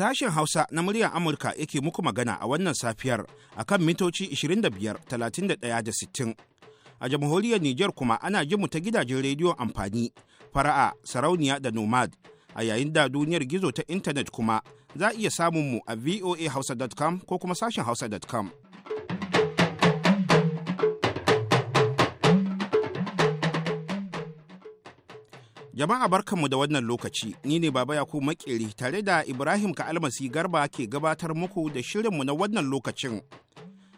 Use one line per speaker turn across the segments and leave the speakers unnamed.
Sashen Hausa na muryar Amurka yake muku magana a wannan safiyar kan mitoci 25, 31 da 60. A jamhuriyar Nijar kuma ana jin mu ta gidajen rediyon amfani, fara'a, sarauniya da nomad. A yayin da duniyar gizo ta intanet kuma za a iya samun mu a voahausa.com ko kuma sashen hausa.com. Jama'a barkanmu da wannan lokaci, ni ne Baba Yakubu Makeri tare da Ibrahim Ka'almasi Garba ke gabatar muku da shirinmu na wannan
lokacin.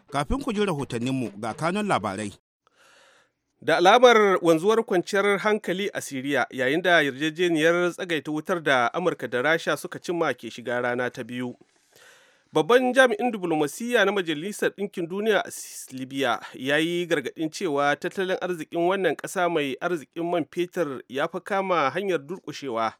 Kafin ku ji rahotanninmu ga kanun labarai. Da alamar wanzuwar kwanciyar hankali a Siriya yayin da yarjejeniyar tsagaita wutar da Amurka da Rasha suka cimma ke shiga rana ta biyu. Babban jami'in diplomasiyya na Majalisar Ɗinkin Duniya a Libya ya yi gargaɗin cewa tattalin arzikin wannan ƙasa mai arzikin man fetur ya fi kama hanyar durƙushewa.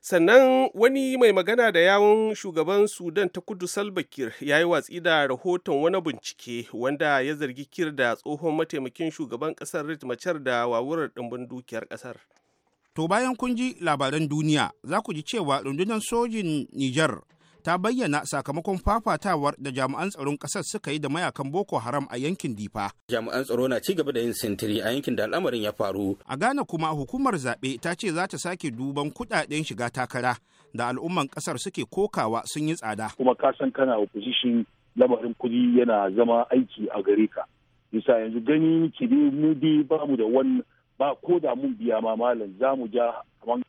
Sannan wani mai magana da yawun shugaban Sudan ta kudu salbakir ya yi watsi da rahoton wani bincike wanda ya zargi Kiir da tsohon mataimakin shugaban ƙasar Rit Machar da wawurar ɗimbin dukiyar ƙasar.
To bayan kun ji labaran duniya za ku ji cewa rundunar sojin Nijar ta bayyana sakamakon fafatawar da jami'an tsaron ƙasar suka yi da mayakan Boko Haram a yankin Difa.
Jami'an tsaro na ci gaba da yin sintiri a
yankin da al'amarin ya faru. A Ghana kuma hukumar zaɓe ta ce za ta sake duban kuɗaɗen shiga takara da al'umman ƙasar suke kokawa sun yi tsada.
Kuma ka san kana opposition lamarin kudi yana zama aiki a gare ka. Bisa yanzu gani ki mu bi ba mu da wannan ba ko da mun biya ma malam za mu ja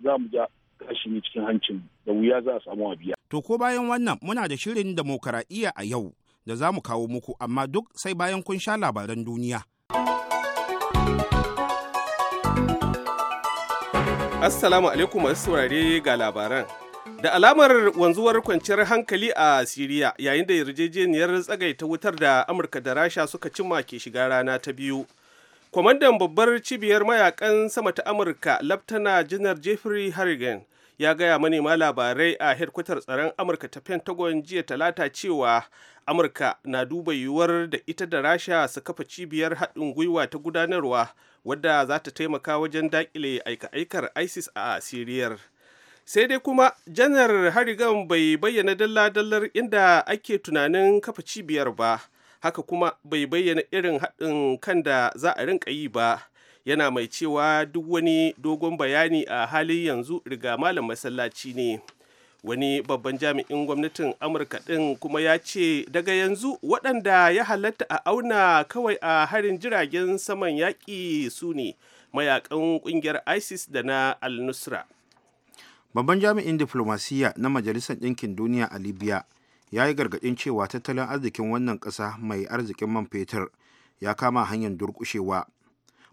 za mu ja tashi ne cikin hancin da wuya za a samu a biya.
To ko bayan wannan muna da shirin demokaraɗiyya a yau da za mu kawo muku amma duk sai bayan kun sha labaran duniya.
Assalamu alaikum masu saurare ga labaran. Da alamar wanzuwar kwanciyar hankali a Siriya yayin da yarjejeniyar tsagaita wutar da Amurka da Rasha suka cimma ke shiga rana ta biyu. Kwamandan babbar cibiyar mayakan sama ta Amurka, Laftana Janar Jeffrey Harrigan, ya gaya manema labarai a hedkwatar tsaron amurka ta pentagon jiya talata cewa amurka na duba yiwuwar da ita da rasha su kafa cibiyar haɗin gwiwa ta gudanarwa wadda za ta taimaka wajen daƙile aika-aikar isis a siriyar sai dai kuma janar harigan bai bayyana dalla-dallar inda ake tunanin kafa cibiyar ba haka kuma bai bayyana irin haɗin kan da za a rinka yi ba yana mai cewa duk wani dogon bayani a halin yanzu riga malam masallaci ne wani babban jami'in gwamnatin amurka ɗin kuma ya ce daga yanzu waɗanda ya halatta a auna kawai a harin jiragen saman yaƙi su ne mayakan ƙungiyar isis da na al-nusra
babban jami'in diflomasiyya na majalisar ɗinkin duniya a libya ya yi gargaɗin cewa tattalin arzikin wannan ƙasa mai arzikin man fetur ya kama hanyar durƙushewa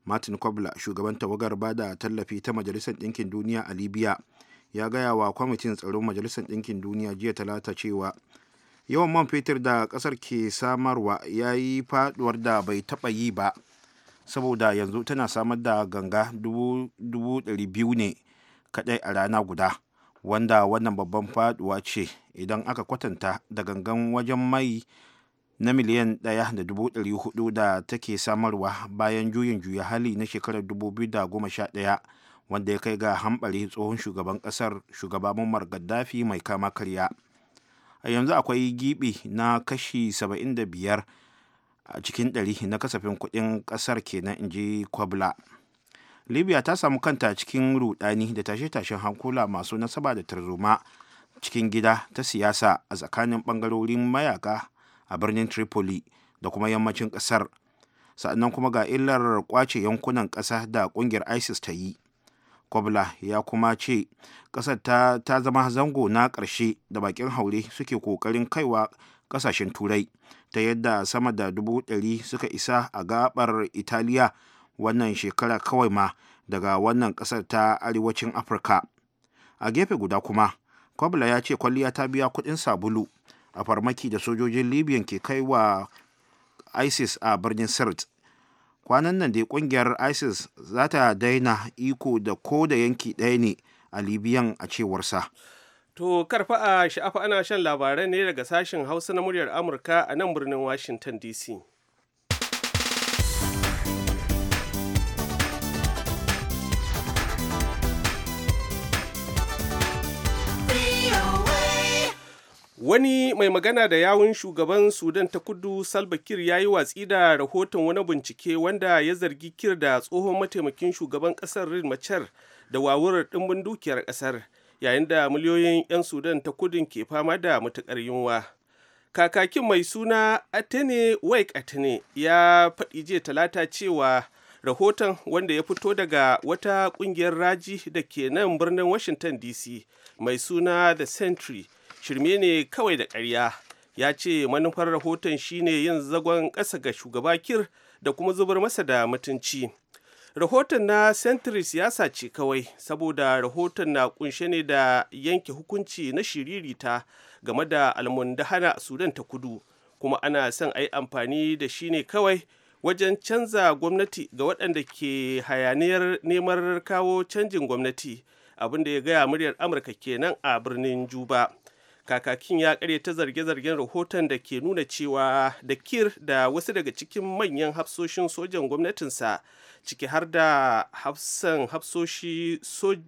martin kobla shugaban tawagar bada tallafi ta majalisar ɗinkin duniya a libya ya gaya wa kwamitin tsaron majalisar ɗinkin duniya jiya talata cewa yawan man fetur da ƙasar ke samarwa ya yi faduwar da bai taɓa yi ba saboda yanzu tana samar da ganga biyu ne kaɗai a rana guda wanda wannan babban faduwa ce idan aka kwatanta da gangan wajen mai na miliyan ɗaya da dubu ɗari hudu da take samarwa bayan juyin juya hali na shekarar 2011 wanda ya kai ga hambare tsohon shugaban ƙasar shugaba Muammar Gaddafi mai kama karya. A yanzu akwai gibi na kashi 75 a cikin ɗari na kasafin kuɗin ƙasar kenan in ji Kwabla. Libya ta samu kanta cikin rudani da tashe-tashen hankula masu nasaba da tarzoma cikin gida ta siyasa a tsakanin ɓangarorin mayaka a birnin tripoli da kuma yammacin ƙasar sa'annan kuma ga illar kwace yankunan ƙasa da ƙungiyar isis ta yi kwabla ya kuma ce ƙasar ta, ta zama zango na ƙarshe da bakin haure suke ƙoƙarin kaiwa ƙasashen turai ta yadda sama da dubu ɗari suka isa a gaɓar italiya wannan shekara kawai ma daga wannan ƙasar ta arewacin afirka a gefe guda kuma kwabla ya ce kwalliya ta biya kuɗin sabulu a farmaki da sojojin libyan ke kai wa isis a birnin sirt kwanan nan dai kungiyar isis za ta daina iko da ko da yanki ɗaya ne a libyan a cewarsa
to karfa a sha'afa ana shan labarai ne daga sashen hausa na muryar amurka a nan birnin washington dc wani mai magana da yawun shugaban sudan ta kudu salva kir ya yi watsi da rahoton wani bincike wanda ya zargi kir da tsohon mataimakin shugaban ƙasar rin machar da wawurar ɗimbin dukiyar ƙasar, yayin da miliyoyin 'yan sudan ta kudin ke fama da matukar yunwa kakakin mai suna atene wake atene ya faɗi jiya talata cewa rahoton wanda ya fito daga wata ƙungiyar raji da ke nan birnin washington dc mai suna the century shirme ne kawai da ƙarya ya ce manufar rahoton shine yin zagon ƙasa ga shugaba kir da kuma zubar masa da mutunci rahoton na sentiri siyasa ce kawai saboda rahoton na kunshe ne da yanke hukunci na shiririta game da almundahana sudan ta kudu kuma ana son a yi amfani da shi ne kawai wajen canza gwamnati ga waɗanda ke hayaniyar neman kawo canjin gwamnati abinda ya gaya muryar amurka kenan a birnin juba kakakin ya ta zarge-zargen rahoton da ke nuna cewa da kir da wasu daga cikin manyan hafsoshin sojan gwamnatinsa ciki har da hafsan hafsoshi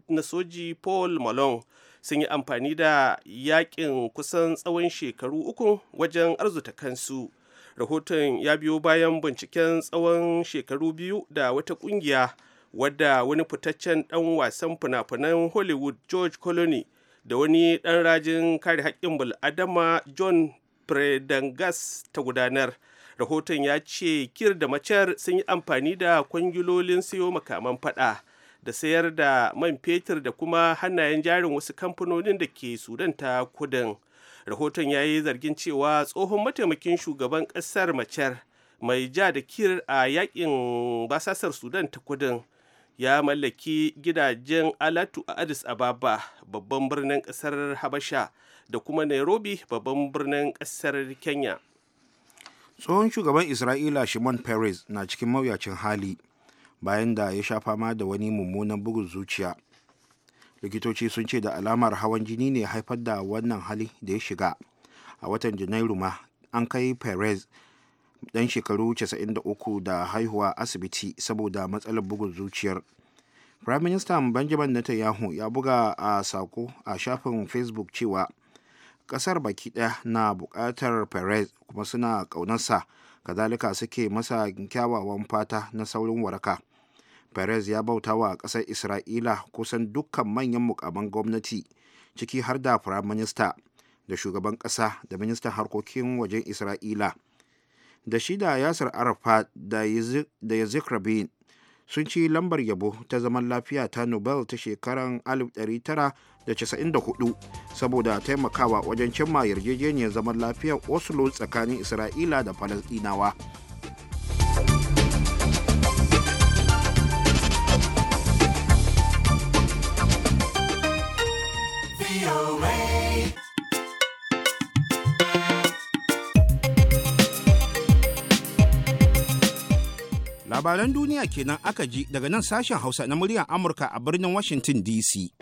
na soji paul malone sun yi amfani da yakin kusan tsawon shekaru uku wajen arzuta kansu rahoton ya biyo bayan binciken tsawon shekaru biyu da wata ƙungiya, wadda wani fitaccen ɗan wasan fina-finan hollywood george colony da wani ɗan rajin kare haƙƙin bul'adama john predangas ta gudanar rahoton ya ce kir da macer sun yi amfani da kwangilolin siyo makaman fada da sayar da man fetur da kuma hannayen jarin wasu kamfanonin da ke sudan ta kudin rahoton ya yi zargin cewa tsohon mataimakin shugaban ƙasar macer mai ja da kir a yakin basasar sudan ta kudin ya mallaki gidajen alatu a addis ababa babban birnin kasar habasha da kuma nairobi babban birnin kasar kenya
tsohon shugaban isra'ila shimon peres na cikin mawuyacin hali bayan da ya sha fama da wani mummunan bugun zuciya likitoci sun ce da alamar hawan jini ne haifar da wannan hali da ya shiga a watan janairu ma an kai peres. dan shekaru 93 da haihuwa asibiti saboda matsalar bugun zuciyar prime minister benjamin netanyahu ya buga a sako a shafin facebook cewa kasar baki daya na bukatar perez kuma suna kaunarsa kazalika suke masa kyawawan fata na saurin waraka perez ya bauta wa kasar isra'ila kusan dukkan manyan mukaman gwamnati ciki har da prime minister da shugaban kasa da ministan harkokin wajen isra'ila da shida da yasir arafat da yazik rabin sun ci lambar yabo ta zaman lafiya ta nobel ta shekarar 1994 saboda taimakawa wajen cimma yarjejeniyar zaman lafiyar oslo tsakanin isra'ila da falasdinawa Labaran duniya kenan aka ji daga nan sashen Hausa na muryar Amurka a birnin Washington DC.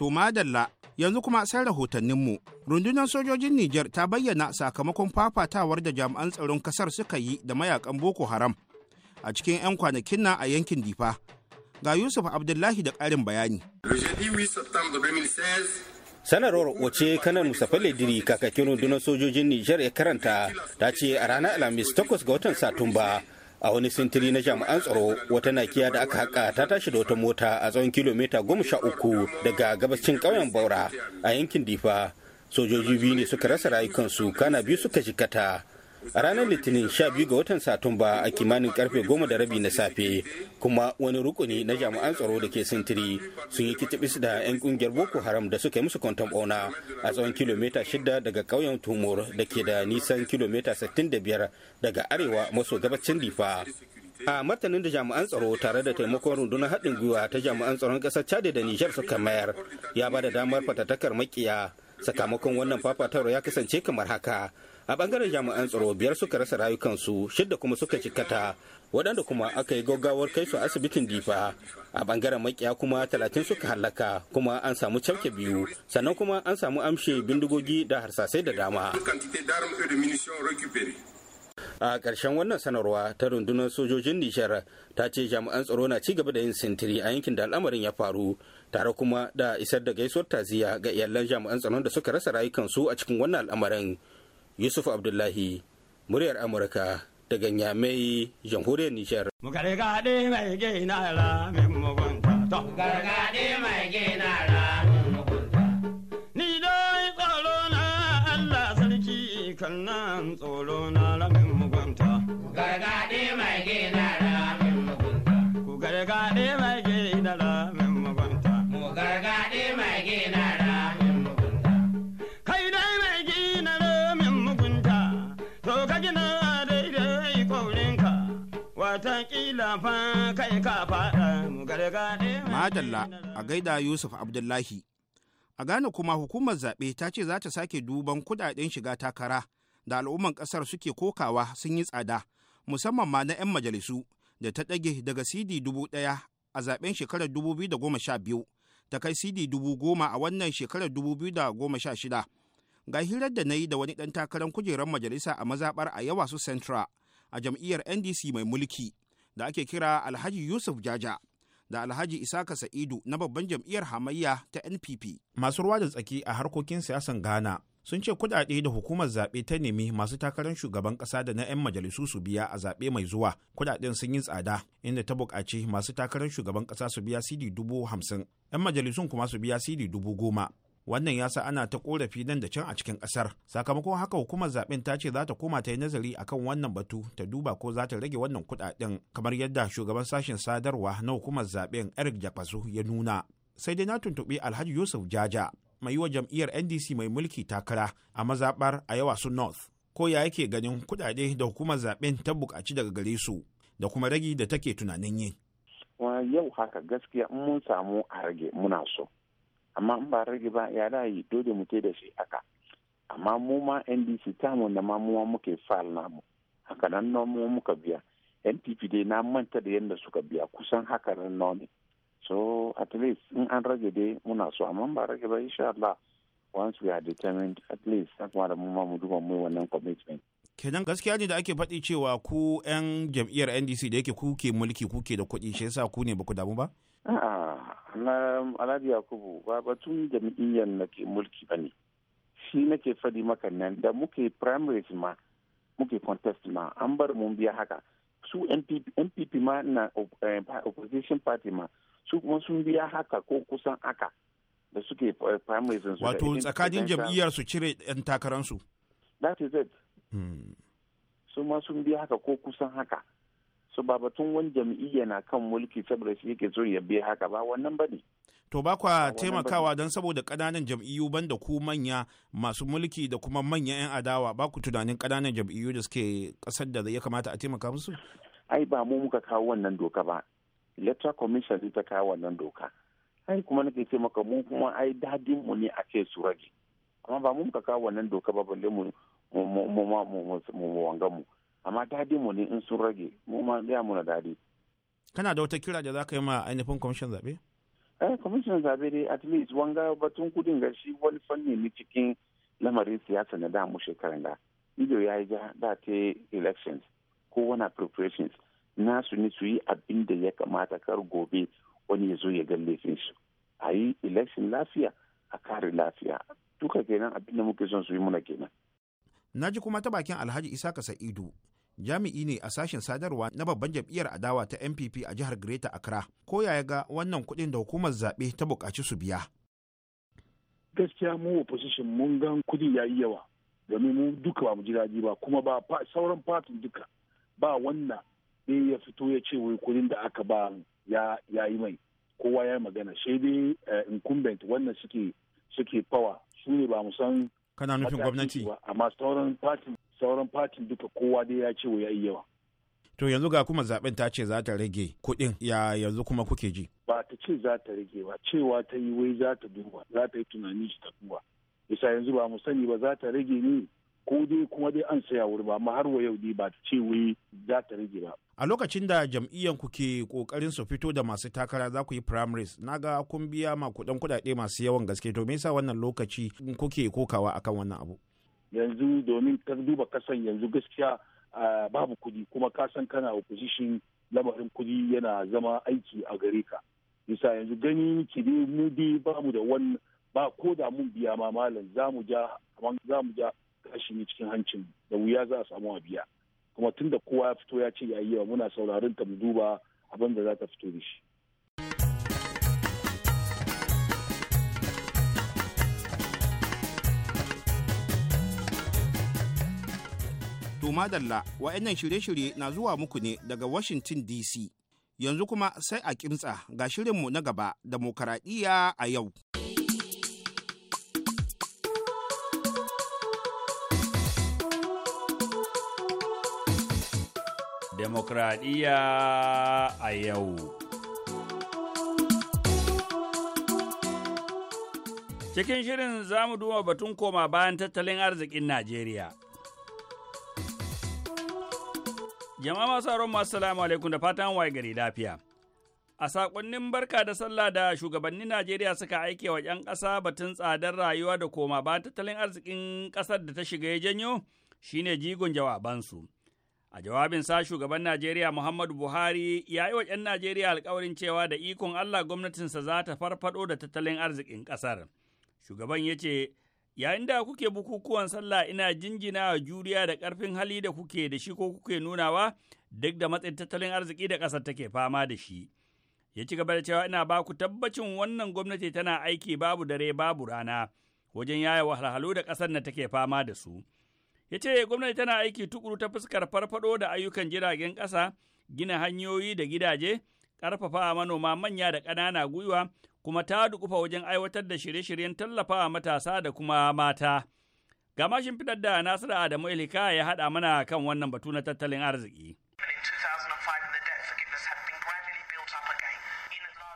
To madalla yanzu kuma san rahotanninmu. Rundunar sojojin Niger ta bayyana sakamakon fafatawar da jami'an tsaron kasar suka yi da mayakan Boko Haram a cikin 'yan kwanakin na a yankin Difa. Ga Yusuf Abdullahi da ƙarin bayani.
sanarwar wace kanar mustapha lediri kakakin rundunar sojojin nijar ya karanta ta ce a ranar alhamis 8 ga watan satumba a wani sintiri na jami'an tsaro wata nakiya da aka haƙa ta tashi da wata mota a tsawon kilomita goma sha uku daga gabashin ƙauyen baura a yankin difa sojoji biyu ne suka rasa rayukansu kana biyu suka jikata a ranar litinin 12 ga watan satumba a kimanin karfe goma da rabi na safe kuma wani rukuni na jami'an tsaro da ke sintiri sun yi kitibis da 'yan kungiyar boko haram da suka yi musu kwanton bauna a tsawon kilomita shida daga ƙauyen tumur da ke da nisan kilomita 65 daga arewa maso gabacin difa a martanin da jami'an tsaro tare da taimakon rundunar haɗin gwiwa ta jami'an tsaron ƙasar chad da nijar suka mayar ya ba da damar fatattakar makiya sakamakon wannan fafatawar ya kasance kamar haka a bangaren jami'an tsaro biyar suka rasa rayukansu shidda kuma suka cikkata waɗanda kuma aka yi gaggawar kai su asibitin difa a bangaren makiya kuma talatin suka halaka kuma an samu cafke biyu sannan kuma an samu amshe bindigogi da harsasai da dama a ƙarshen wannan sanarwa ta rundunar sojojin nijar ta ce jami'an tsaro na cigaba da yin sintiri a yankin da al'amarin ya faru tare kuma da isar da gaisuwar taziya ga iyalan jami'an tsaron da suka rasa rayukansu a cikin wannan al'amarin yusuf abdullahi muryar amurka daga nyamai jamhuriyar nijar gargaɗe mai gina ra mai mugunta to mai gina ra
Madalla a gaida Yusuf Abdullahi. A Ghana kuma hukumar zaɓe ta ce za ta sake duban kudaden shiga takara da al'umman ƙasar suke kokawa sun yi tsada, musamman ma na 'yan majalisu da ta ɗage daga CD dubu ɗaya a zaɓen shekarar dubu biyu da goma sha biyu ta kai CD dubu goma a wannan shekarar dubu biyu da goma sha shida. Ga hirar da na yi da wani ɗan takarar kujerar majalisa a mazaɓar a yawa su Central a jam'iyyar NDC mai mulki da ake kira Alhaji Yusuf Jaja. da alhaji isaka sa'idu na babban jam'iyyar hamayya ta npp masu ruwa da tsaki a harkokin siyasan ghana sun ce kudade da hukumar zaɓe ta nemi masu takarar shugaban ƙasa da na 'yan majalisu su biya a zaɓe mai zuwa kudaden sun yi tsada inda ta buƙaci masu takarar shugaban ƙasa su biya cd dubu hamsin 'yan majalisun kuma su biya cd dubu goma wannan ya sa ana ta korafi nan da can a cikin kasar sakamakon haka hukumar zaben ta ce za ta koma ta yi nazari akan wannan batu ta duba ko za ta rage wannan kudaden kamar yadda shugaban sashen sadarwa na hukumar zaben eric jakwasu ya nuna sai dai na tuntuɓi alhaji yusuf jaja mai yi wa jam'iyyar ndc mai mulki takara a mazaɓar a yawa su north ko ya yake ganin kudade da hukumar zaben ta buƙaci daga gare su da kuma ragi da take tunanin yi.
yau haka gaskiya in mun samu a rage muna so amma in ba rage ba ya da yi dole mu da shi haka amma mu ma ndc ta mu da ma muwa muke fal namu haka nan no mu muka biya npp dai na manta da yadda suka biya kusan haka nan no so at least in an rage dai muna so amma ba rage ba insha Allah once we are determined at least kuma da mu ma mu duba mu wannan commitment
kenan gaskiya ne da ake faɗi cewa ku 'yan jam'iyyar ndc da yake kuke mulki kuke da kuɗi shi yasa ku ne ba ku damu ba
na alhaji yakubu ba batun jam'iyyar na ke mulki ba ne shi nake faɗi maka nan da muke primaries ma muke contest ma an bar mun biya haka su npp ma na eh, opposition party ma su kuma sun biya haka ko kusan haka da suke eh, primaries wato tsakanin jam'iyyar su cire 'yan takararsu that is it su ma sun biya haka ko kusan haka su ba batun wani jam'iyya na kan mulki saboda shi yake so ya bi haka ba wannan ba ne
to ba kwa taimakawa don saboda ƙananan jam'iyyu banda ku manya masu mulki da kuma manyan 'yan adawa ba ku tunanin ƙananan jam'iyyu da suke ƙasar da ya kamata a taimaka musu
ai ba mu muka kawo wannan doka ba electoral commission ta kawo wannan doka ai kuma nake ce maka mu kuma ai dadin ne a ce su rage amma ba mu muka kawo wannan doka ba balle mu mu ma mu wanga mu amma dadi mu ne in sun rage mu ma ya muna dadi
kana da wata kira da za ka yi ma ainihin kwamishin zaɓe?
eh kwamishin zaɓe dai at least wanga batun kudin ga shi wani fanni ne cikin lamarin siyasa na damu shekaran da ido ya yi ja da ta elections ko wani preparations nasu ne su yi abin da ya kamata kar gobe wani ya zo ya ga laifin su a yi election lafiya a kare lafiya duka kenan abin da muke son su yi muna kenan
na ji kuma ta bakin alhaji isaka sa'idu jami'i ne a sashen sadarwa na babban jam'iyyar adawa ta npp a jihar greta accra ko ya ga wannan kuɗin da hukumar zaɓe ta buƙaci su biya
gaskiya mu opposition mun gan kudi ya yi yawa domin mu duka ba mu ji daji ba kuma ba sauran fatin duka ba wannan ne ya fito ya ce wai kuɗin da aka ba ya yi mai kowa ya magana sai dai eh, incumbent wannan suke suke fawa su ne ba mu san kana nufin gwamnati amma sauran fatin sauran fatin duka kowa dai ya ce ya yawa
to yanzu ga kuma zaben ta ce za ta rage kuɗin ya yanzu kuma kuke ji
ba ta ce za ta rage ba cewa ta yi wai za ta duba za ta yi tunani ta duba bisa yanzu ba mu sani ba za ta rage ni ko dai kuma dai an saya wuri ba amma har wa yau dai ba ta ce wai za ta rage ba.
A lokacin da jam'iyyar ku ke kokarin su fito da masu takara za ku yi primaries na ga kun biya ma kuɗin kudade masu yawan gaske to me yasa wannan lokaci kuke kokawa akan wannan abu.
Yanzu domin ka duba kasan yanzu gaskiya babu kuɗi kuma ka san kana opposition lamarin kudi yana zama aiki a gare ka. Bisa yanzu gani ki dai mu dai bamu da wani ba ko da mun biya ma malam za mu ja za mu ja kashi ne cikin hancin da wuya za a samu biya kuma da kowa ya fito ya ce ya yawa muna sauraron ta mu duba abin da za ta fito da shi.
To madalla wa'annan shirye-shirye na zuwa muku ne daga Washington DC. Yanzu kuma sai a kimtsa ga shirinmu na gaba da
a yau. demokradiyya a yau. Cikin shirin za mu duba batun koma bayan tattalin arzikin Najeriya. Jama'a masu aron masu salamu alaikum da fatan waye gari lafiya. A saƙonnin barka da sallah da shugabannin Najeriya suka aike wa ‘yan ƙasa batun tsadar rayuwa da koma bayan tattalin arzikin ƙasar da ta shiga ya janyo shine jigon jawabansu. A jawabin sa, shugaban Najeriya Muhammadu Buhari ya yi wa 'yan Najeriya alkawarin cewa da ikon Allah gwamnatinsa za ta farfado da tattalin arzikin ƙasar. Shugaban ya ce, Yayin da kuke bukukuwan sallah ina jinjina wa juriya da ƙarfin hali da kuke da shi ko kuke nunawa duk da matsayin tattalin arziki da ƙasar take fama da shi. Ya ci gaba da cewa ina ba ku tabbacin wannan gwamnati tana aiki babu dare babu rana wajen yaya wahalhalu da ƙasar na take fama da su. Ya ce gwamnati tana aiki tukuru ta fuskar farfado da ayyukan jiragen ƙasa, gina hanyoyi da gidaje, ƙarfafa manoma manya da ƙanana gwiwa, kuma ta dukufa wajen aiwatar da shirye-shiryen tallafawa matasa da kuma mata. Ga mashin fitar da Nasiru Adamu Ilika ya haɗa mana kan wannan batu na tattalin arziki.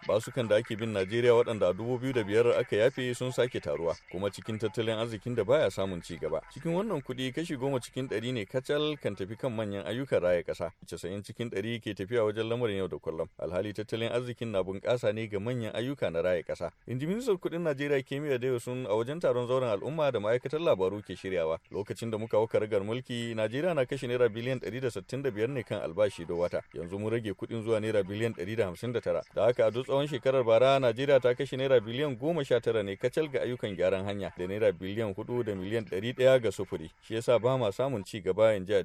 basukan da ake bin najeriya waɗanda a dubu biyu da biyar aka yafe sun sake taruwa kuma cikin tattalin arzikin da baya samun ci gaba cikin wannan kuɗi kashi goma cikin ɗari ne kacal kan tafi kan manyan ayyukan raya ƙasa casa'in cikin ɗari ke tafiya wajen lamarin yau da kullum alhali tattalin arzikin na bunƙasa ne ga manyan ayyuka na raya ƙasa inji ministan kuɗin najeriya kemiya da sun a wajen taron zauren al'umma da ma'aikatar labaru ke shiryawa lokacin da muka hauka ragar mulki najeriya na kashe naira biliyan ɗari da sittin ne kan albashi da wata yanzu mun rage kuɗin zuwa naira biliyan ɗari da hamsin tara da haka a dutsen tsawon shekarar bara Najeriya ta kashe naira biliyan goma sha tara ne kacal ga ayyukan gyaran hanya da naira biliyan hudu da miliyan ɗari ɗaya ga sufuri shi yasa ba ma samun ci gaba in ji a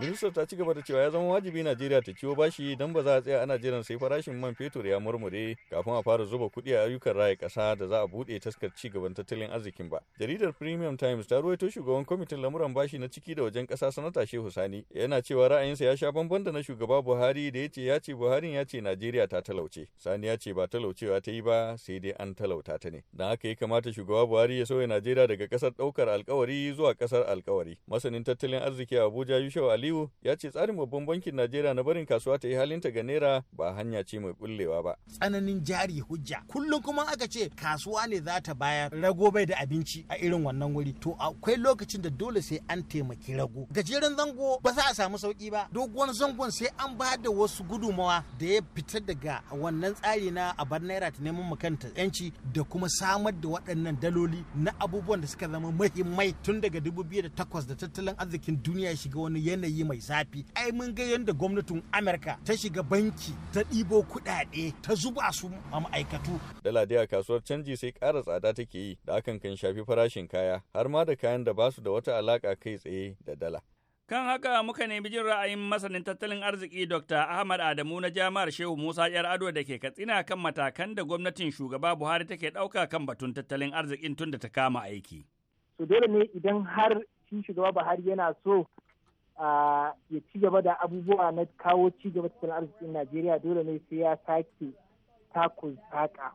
Ministar ta ci gaba da cewa ya zama wajibi Najeriya ta ciwo bashi don ba za a tsaya ana jiran sai farashin man fetur ya murmure kafin a fara zuba kuɗi a ayyukan raya ƙasa da za a buɗe taskar ci gaban tattalin arzikin ba. Jaridar Premium Times ta ruwaito shugaban kwamitin lamuran bashi na ciki da wajen ƙasa sanata Shehu Sani yana cewa ra'ayinsa ya sha bamban da na shugaba Buhari da ya ce ya ce Buhari ya ce Najeriya ta talauce. Sani ya ce ba talaucewa ta yi ba sai dai an talauta ta ne. Don haka ya kamata shugaba Buhari ya sauya Najeriya daga ƙasar ɗaukar alkawari alkawari zuwa ƙasar alkawari. Masanin tattalin arziki Abuja Yusuf Aliyu ya ce tsarin babban bankin Najeriya na barin kasuwa ta yi halinta ga naira ba hanya ce mai bullewa ba.
Tsananin jari hujja kullum kuma aka ce kasuwa ne za ta bayar rago bai da abinci a irin wannan wuri to akwai lokacin da dole sai an taimaki rago. Gajeren zango ba za a samu sauki ba doguwar zangon sai an ba da wasu gudumawa da ya fita daga wannan tsari na abar naira ta neman kanta yanci da kuma samar da waɗannan daloli na abubuwan da suka zama muhimmai tun daga 2008 da tattalin arzikin duniya ya shiga wani yanayi mai zafi ai mun ga yadda gwamnatin amurka ta shiga banki ta ɗibo kuɗaɗe ta zuba su a ma'aikatu
dala dai a kasuwar canji sai ƙara tsada take yi da akan kan shafi farashin kaya har ma da kayan da ba su da wata alaka kai tsaye da dala
Kan haka muka nemi jin ra'ayin masanin tattalin arziki Dr. Ahmad Adamu na Jami'ar Shehu Musa ‘yar Ado da ke Katsina kan matakan da gwamnatin shugaba Buhari take ɗauka kan batun tattalin arzikin tun da ta kama aiki.
so dole ne idan har shi shugaba buhari yana so ya ci gaba da abubuwa na kawo ci gaba cikin arzikin najeriya dole ne sai ya sake taku saƙa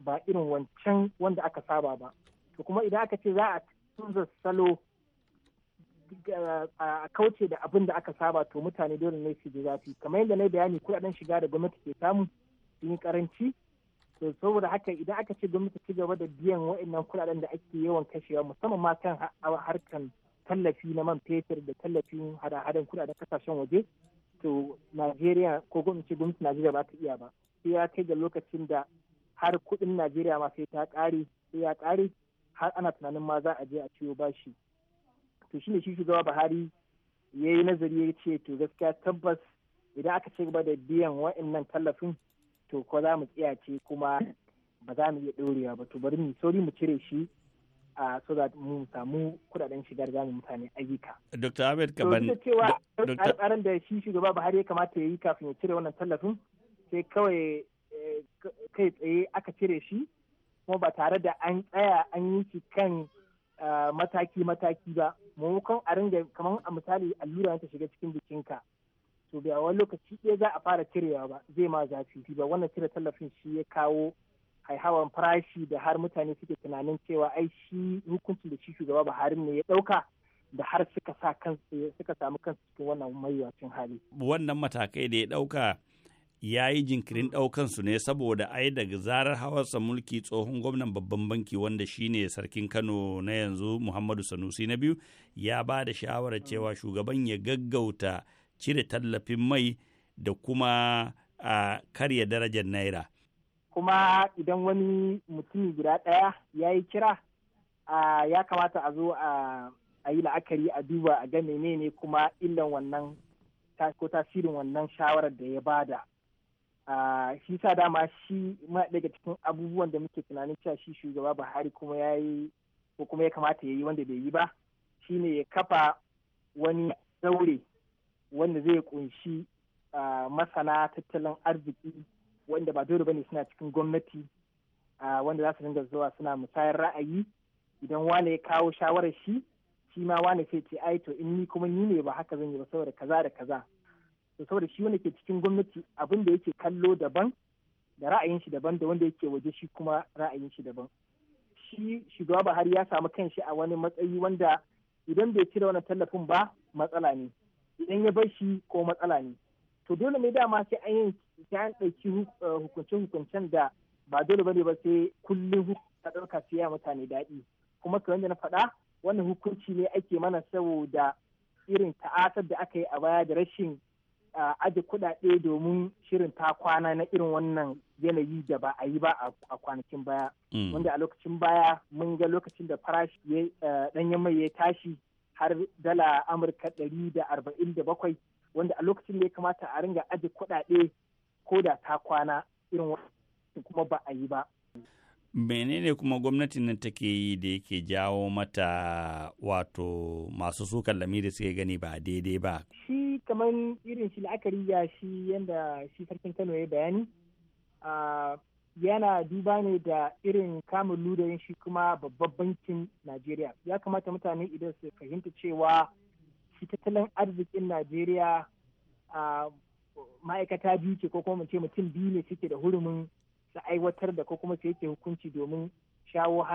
ba irin wancan wanda aka saba ba to kuma idan aka ce za a tunza salo a kauce da abin da aka saba to mutane dole ne su ji zafi kamar yadda na bayani kuɗaɗen shiga da gwamnati ke samu sun yi karanci to saboda haka idan aka ce gwamnati ci gaba da biyan wa'annan kuɗaɗen da ake yawan kashewa musamman ma kan harkan tallafi na man fetur da tallafin hada-hadan kuɗaɗen kasashen waje to Najeriya ko gwamnati gwamnati Najeriya ba ta iya ba sai ya kai ga lokacin da har kuɗin Najeriya ma sai ta ƙare sai ya ƙare har ana tunanin ma za a je a ciwo bashi to shine shi shugaba Buhari ya yi nazari ya ce to gaskiya tabbas idan aka ci gaba da biyan wa'annan tallafin to ko za mu tsaya ce kuma ba za mu iya ɗorewa ba to bari mu sauri mu cire shi a so that mu samu kudaden shigar zamu mutane ayyuka.
Dr. Ahmed Kaban. da cewa
tsarin da shi shugaba Buhari ya kamata ya yi kafin ya cire wannan tallafin sai kawai eh, kai tsaye aka cire shi kuma ba tare da an tsaya an yi shi kan mataki-mataki ba kan a ringa kamar a misali allura ta shiga cikin jikinka to bai a wani lokaci ɗaya za a fara cirewa ba zai ma zafi ba wannan cire tallafin shi ya kawo haihawan farashi da har mutane suke tunanin cewa ai shi hukuncin da shi shugaba harin ne ya ɗauka da har suka sa kan suka samu kansu cikin wannan mayuwacin hali.
Wannan matakai da ya ɗauka ya yi jinkirin ɗaukan su ne saboda ai daga zarar hawarsa mulki tsohon gwamnan babban banki wanda shine sarkin Kano na yanzu Muhammadu Sanusi na biyu ya ba da shawarar cewa shugaban ya gaggauta cire tallafin mai da kuma a karya darajar naira.
Kuma idan wani mutum guda ɗaya ya yi kira ya kamata a zo a yi la'akari a duba a ga menene kuma illan wannan ko tasirin wannan shawarar da ya bada. shi sa dama shi ma daga cikin abubuwan da muke tunanin cewa shi shugaba Buhari kuma ya yi ko kuma ya kamata ya yi wanda bai yi ba shine ya kafa wani zaure wanda zai kunshi masana tattalin arziki wanda ba dole bane suna cikin gwamnati wanda za su dinga zuwa suna musayar ra'ayi idan wane ya kawo shawarar shi shi ma wane sai ce ai to in ni kuma ni ne ba haka zan yi ba saboda kaza da kaza to saboda shi wanda ke cikin gwamnati abin da yake kallo daban da ra'ayin shi daban da wanda yake waje shi kuma ra'ayin shi daban shi shugaba Buhari ya samu kanshi a wani matsayi wanda idan bai cire wannan tallafin ba matsala ne idan ya bar ko matsala ne to dole ne dama sai an yi kayan an ɗauki eh, hukunce-hukuncen da ba dole bane ba sai kullum ta ɗauka sai ya mutane daɗi kuma kamar da na faɗa wannan hukunci ne ake mana saboda irin ta'asar da aka yi a baya da rashin aje kuɗaɗe domin shirin ta kwana na irin wannan yanayi da ba a yi ba a kwanakin baya mm. wanda a lokacin baya mun ga lokacin da farashi eh, ɗanyen mai ya tashi har dala amurka ɗari da arba'in da bakwai wanda a lokacin da ya kamata a ringa aje kuɗaɗe ko da ta kwana irin wasu kuma ba a yi ba
menene kuma gwamnatin nan take yi da yake jawo mata wato masu sukan lamiri suke gani ba daidai ba
shi kamar irin shi la'akari ya shi yadda shi sarkin kano ya bayani ah, yana duba ne da irin kamun ludayin shi kuma babban bankin najeriya ya kamata mutane idan su fahimta cewa shi tattalin arzikin najeriya a ma'aikata biyu ce ko kuma ce mutum biyu ne suke da hurumin su aiwatar da ko kuma su yake hukunci domin shawo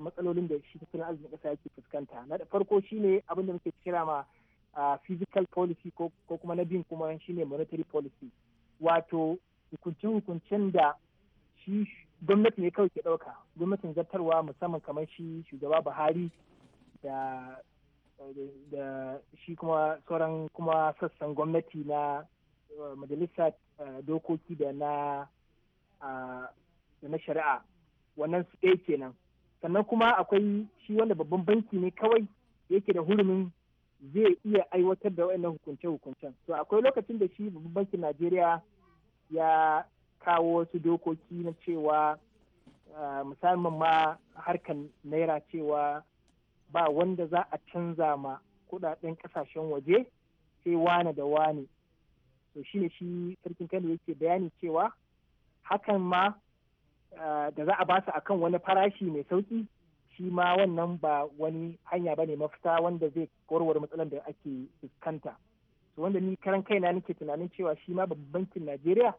matsalolin da shi tattalin arzikin ƙasa yake fuskanta na da farko ne abin da muke kira ma physical policy ko kuma na bin kuma shi ne monetary policy wato hukuncin hukuncin da shi gwamnati ne kawai ke ɗauka gwamnatin zartarwa musamman kamar shi shugaba buhari da da shi kuma sauran kuma sassan gwamnati na eh, majalisa eh, dokoki da na eh, da na shari'a wannan su ɗaya kenan sannan kuma akwai shi wanda babban banki ne kawai yake da hurumin zai iya aiwatar da wayannan hukunce-hukuncen to akwai lokacin da shi babban bankin najeriya ya kawo wasu dokoki na cewa ah, musamman ma harkan naira cewa ba wanda za a canza ma kudaden kasashen waje sai wane da wane to shi ne shi sarkin kano yake bayani cewa hakan ma ah, da za a basu akan wani farashi mai sauki shi ma wannan ba wani hanya ba ne mafita wanda zai warware matsalar da ake fuskanta wanda ni karan kaina nake tunanin cewa shi ma babban bankin najeriya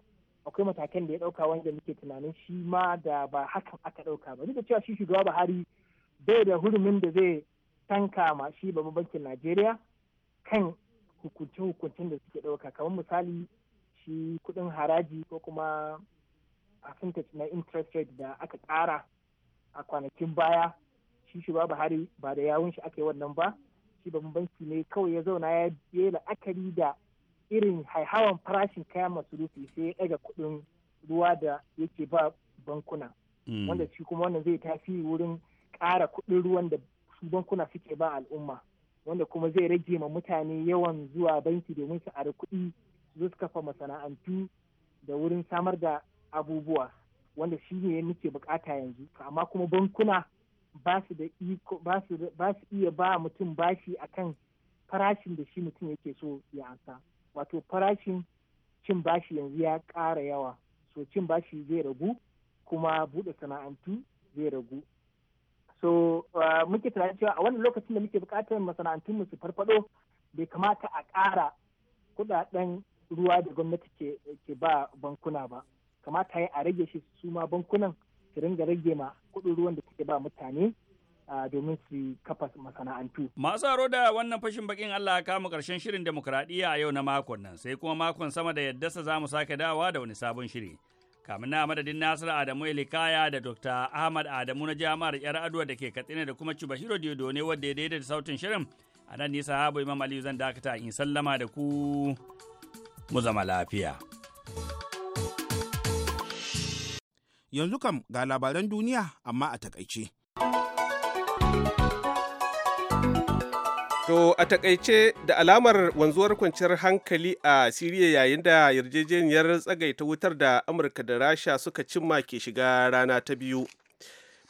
akwai matakan da ya dauka wanda muke tunanin shi ma da ba hakan aka dauka ba duk da cewa shi shugaba Buhari bai da hurumin da zai tanka ma shi babban bankin Najeriya kan hukunce-hukuncen da suke dauka kamar misali shi kudin haraji ko kuma percentage na interest rate da aka kara a kwanakin baya shi shugaba Buhari ba da yawun shi aka yi wannan ba shi babban banki ne kawai ya zauna ya yi la'akari da irin haihawan farashin kayan masarufi sai ya ɗaga kuɗin ruwa da yake ba bankuna hmm. wanda shi kuma wannan zai tafi wurin ƙara kuɗin ruwan da su bankuna suke ba al'umma wanda kuma zai rage ma mutane yawan zuwa banki domin su ari kuɗi su kafa masana'antu da wurin samar da abubuwa wanda shi ne nake bukata yanzu amma kuma bankuna ba su iya ba mutum bashi akan farashin da shi mutum yake so ya ansa wato farashin cin bashi yanzu ya ƙara yawa so cin bashi zai ragu kuma buɗe sana'antu zai ragu so uh, muke tunanin cewa a wannan lokacin da muke buƙatar masana'antun su farfado bai kamata a ƙara kuɗaɗen ruwa da gwamnati ke ba bankuna ba kamata ya a rage shi su ma bankunan su ringa rage ma kuɗin ruwan da suke ba mutane domin su kafa masana'antu.
Masu haro da wannan fashin bakin Allah kama karshen shirin demokradiyya a yau na makon nan sai kuma makon sama da yaddasa za mu sake dawa da wani sabon shiri. kamin na madadin Nasiru Adamu Elikaya da Dr. Ahmad Adamu na jami'ar Yar Adwa da ke Katsina da kuma Cibashiro Diodo ne wadda ya da sautin shirin. A nan nisa habu Imam Aliyu zan dakata in sallama da ku mu zama lafiya. Yanzu kam ga labaran duniya amma
a takaice.
To a takaice da alamar wanzuwar kwanciyar hankali a Siriya yayin da yarjejeniyar tsagaita wutar da Amurka da Rasha suka cimma ke shiga rana ta biyu.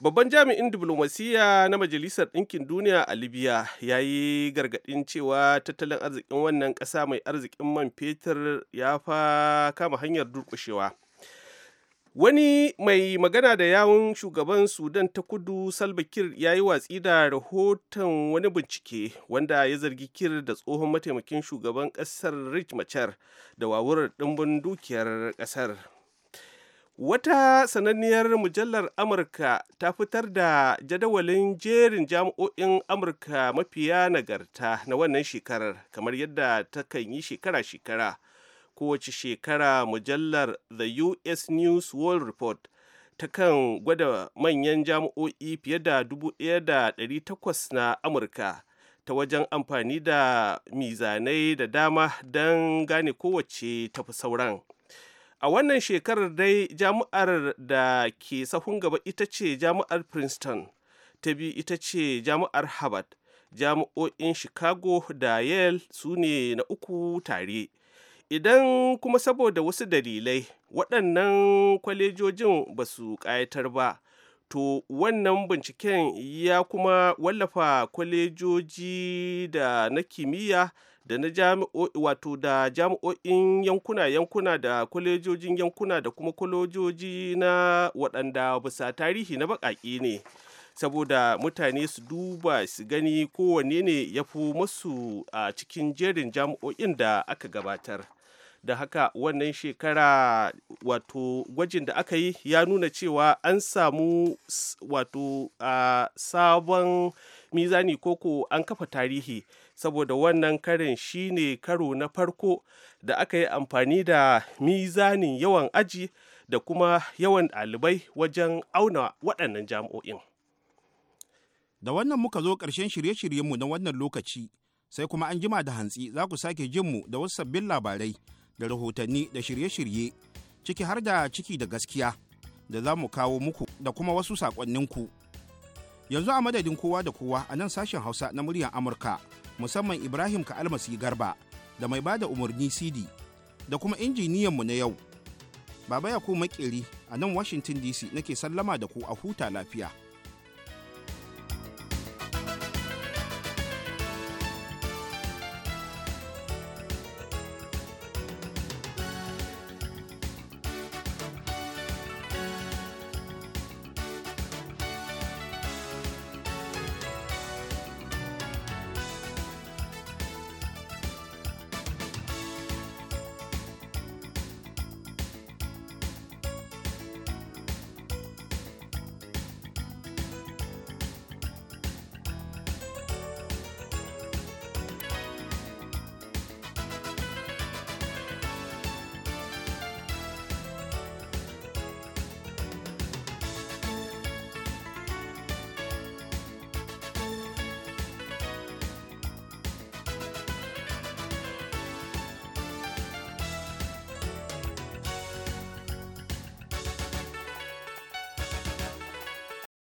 Babban jami'in diflomasiyya na Majalisar Ɗinkin Duniya a Libya ya yi gargaɗin cewa tattalin arzikin wannan ƙasa mai arzikin man fetur ya fa kama hanyar durƙushewa. wani mai magana da yawun shugaban sudan ta kudu salva kir ya yi watsi da rahoton wani bincike wanda ya zargi kir da tsohon mataimakin shugaban kasar rich machar da wawurar dimbin dukiyar kasar wata sananniyar mujallar amurka ta fitar da jadawalin jerin jami'o'in amurka mafiya nagarta na wannan shekarar kamar yadda ta kan yi shekara-shekara kowace shekara mujallar the us news world report ta kan gwada manyan jami'o'i fiye da 1,800 na amurka ta wajen amfani da mizanai da dama don gane kowace tafi sauran a wannan shekarar dai jami'ar da ke sahun gaba ita ce jami'ar princeton ta biyu ita ce jami'ar harvard jami'o'in chicago da yale su ne na uku tare idan kuma saboda wasu dalilai waɗannan kwalejojin ba su ƙayatar ba to wannan binciken ya kuma wallafa kwalejoji da na kimiyya da na jami'o'i wato da jami'o'in yankuna yankuna da kwalejojin yankuna da kuma kwalejoji na waɗanda bisa tarihi na baƙaƙi ne saboda mutane su duba su gani kowanne ne ya fi masu a cikin jerin jami'o'in da aka gabatar da haka wannan shekara wato gwajin da aka yi ya nuna cewa an samu wato a sabon mizani koko an kafa tarihi saboda wannan karin shine karo na farko da aka yi amfani da mizanin yawan aji da kuma yawan ɗalibai wajen auna waɗannan jami'o'in.
Da wannan muka zo ƙarshen shirye-shiryenmu na wannan lokaci, sai kuma an jima da hantsi za ku sake jinmu da wasu sabbin labarai da rahotanni da shirye-shirye, ciki har da ciki da gaskiya da za mu kawo muku da kuma wasu saƙonninku. Yanzu a madadin kowa da kowa a nan sashen Hausa na muryar Amurka, musamman Ibrahim Ka'almasi Garba da mai bada umarni CD da kuma injiniyanmu na yau. Baba ku Makeri a nan Washington DC nake sallama da ku a huta lafiya.